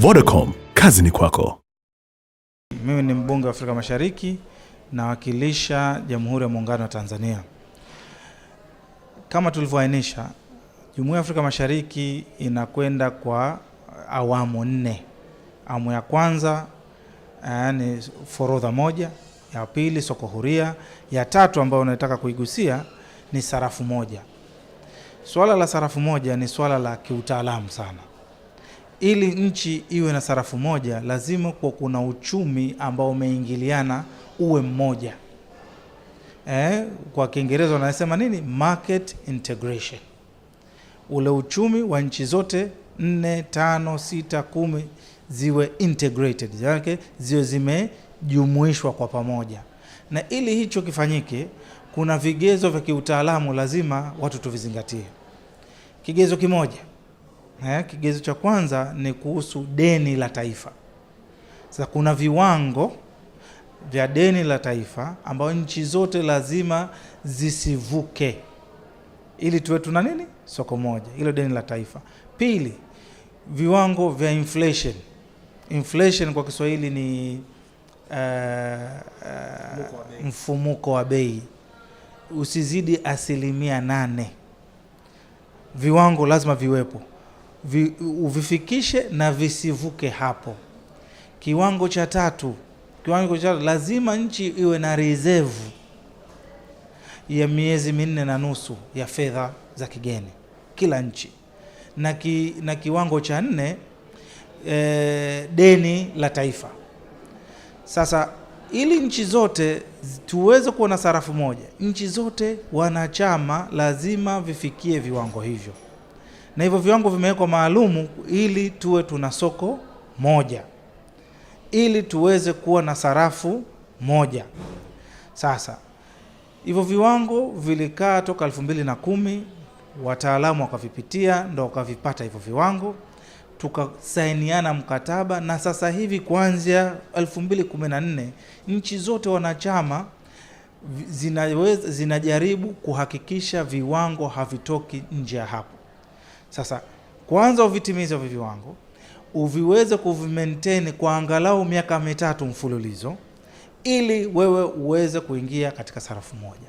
Vodacom, kazi ni kwako. Mimi ni mbunge wa Afrika Mashariki, nawakilisha Jamhuri ya Muungano wa Tanzania. Kama tulivyoainisha, Jumuiya ya Afrika Mashariki inakwenda kwa awamu nne. Awamu ya kwanza eh, ni forodha moja, ya pili soko huria, ya tatu ambayo unataka kuigusia ni sarafu moja. Swala la sarafu moja ni swala la kiutaalamu sana ili nchi iwe na sarafu moja lazima kuwa kuna uchumi ambao umeingiliana uwe mmoja. Eh, kwa Kiingereza wanasema nini? Market integration. Ule uchumi wa nchi zote nne, tano, sita, kumi ziwe integrated, yake ziwe zimejumuishwa kwa pamoja, na ili hicho kifanyike, kuna vigezo vya kiutaalamu lazima watu tuvizingatie. Kigezo kimoja Eh, kigezo cha kwanza ni kuhusu deni la taifa. Sasa kuna viwango vya deni la taifa ambayo nchi zote lazima zisivuke ili tuwe tuna nini, soko moja, hilo deni la taifa. Pili, viwango vya inflation. Inflation kwa Kiswahili ni uh, uh, mfumuko wa bei usizidi asilimia nane. Viwango lazima viwepo vi, uvifikishe na visivuke hapo. Kiwango cha tatu, kiwango cha tatu lazima nchi iwe na reserve ya miezi minne na nusu ya fedha za kigeni kila nchi, na, ki, na kiwango cha nne e, deni la taifa. Sasa ili nchi zote tuweze kuwa na sarafu moja, nchi zote wanachama lazima vifikie viwango hivyo na hivyo viwango vimewekwa maalumu ili tuwe tuna soko moja, ili tuweze kuwa na sarafu moja. Sasa hivyo viwango vilikaa toka elfu mbili na kumi, wataalamu wakavipitia, ndo wakavipata hivyo viwango, tukasainiana mkataba, na sasa hivi kuanzia elfu mbili kumi na nne nchi zote wanachama zinaweza zinajaribu kuhakikisha viwango havitoki nje ya hapo. Sasa kwanza uvitimize hivi viwango, uviweze kuvimaintain kwa angalau miaka mitatu mfululizo, ili wewe uweze kuingia katika sarafu moja.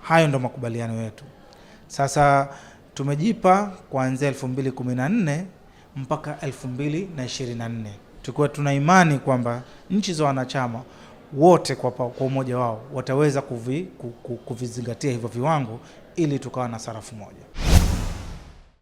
Hayo ndo makubaliano yetu. Sasa tumejipa kuanzia 2014 mpaka 2024 tukiwa tuna imani kwamba nchi za wanachama wote kwa, kwa umoja wao wataweza kuvi, kuvizingatia hivyo viwango ili tukawa na sarafu moja.